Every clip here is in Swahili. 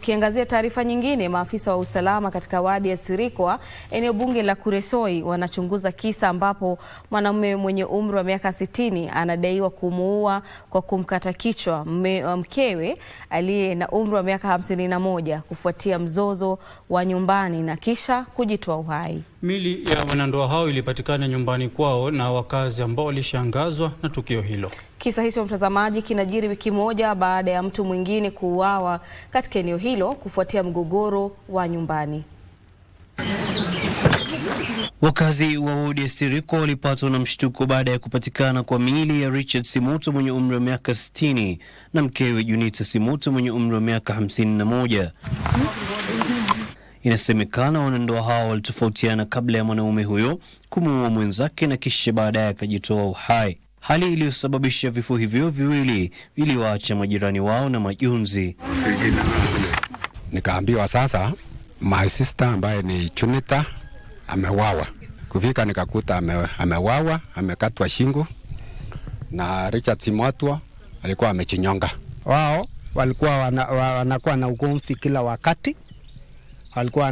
Ukiangazia taarifa nyingine, maafisa wa usalama katika wadi ya Sirikwa eneo bunge la Kuresoi wanachunguza kisa ambapo mwanamume mwenye umri wa miaka sitini anadaiwa kumuua kwa kumkata kichwa uh, mkewe aliye na umri wa miaka hamsini na moja kufuatia mzozo wa nyumbani na kisha kujitoa uhai. Mili ya wanandoa hao ilipatikana nyumbani kwao na wakazi ambao walishangazwa na tukio hilo. Kisa hicho, mtazamaji, kinajiri wiki moja baada ya mtu mwingine kuuawa katika eneo hili hilo kufuatia mgogoro wa nyumbani. Wakazi wa wodi ya walipatwa na mshtuko baada ya kupatikana kwa miili ya Richard Simoto mwenye umri wa miaka 60 na mkewe Junita Simoto mwenye umri wa miaka 51. Inasemekana wanandoa hao walitofautiana kabla ya mwanaume huyo kumuua mwenzake na kisha baadaye akajitoa uhai hali iliyosababisha vifo hivyo viwili viliwaacha majirani wao na majonzi. Nikaambiwa sasa my sister ambaye ni Chunita amewawa. Kufika nikakuta ame, amewawa amekatwa shingo na Richard Simwatwa alikuwa amechinyonga. Wao walikuwa wana, wanakuwa na ugomvi kila wakati, walikuwa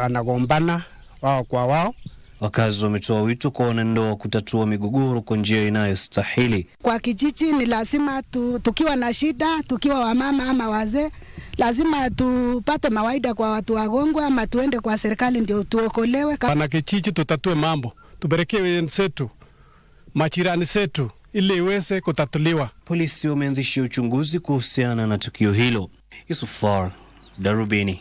wanagombana wao kwa wao Wakazi wametoa wito kwa wanandoa kutatua migogoro kwa njia inayostahili. Kwa kijiji ni lazima tu, tukiwa na shida, tukiwa wamama ama wazee, lazima tupate mawaida kwa watu wagongwe, ama tuende kwa serikali ndio tuokolewe. Pana kijiji tutatue mambo, tuperekee wenzetu majirani zetu ili iweze kutatuliwa. Polisi wameanzisha uchunguzi kuhusiana na tukio hilo. Isufar Darubini.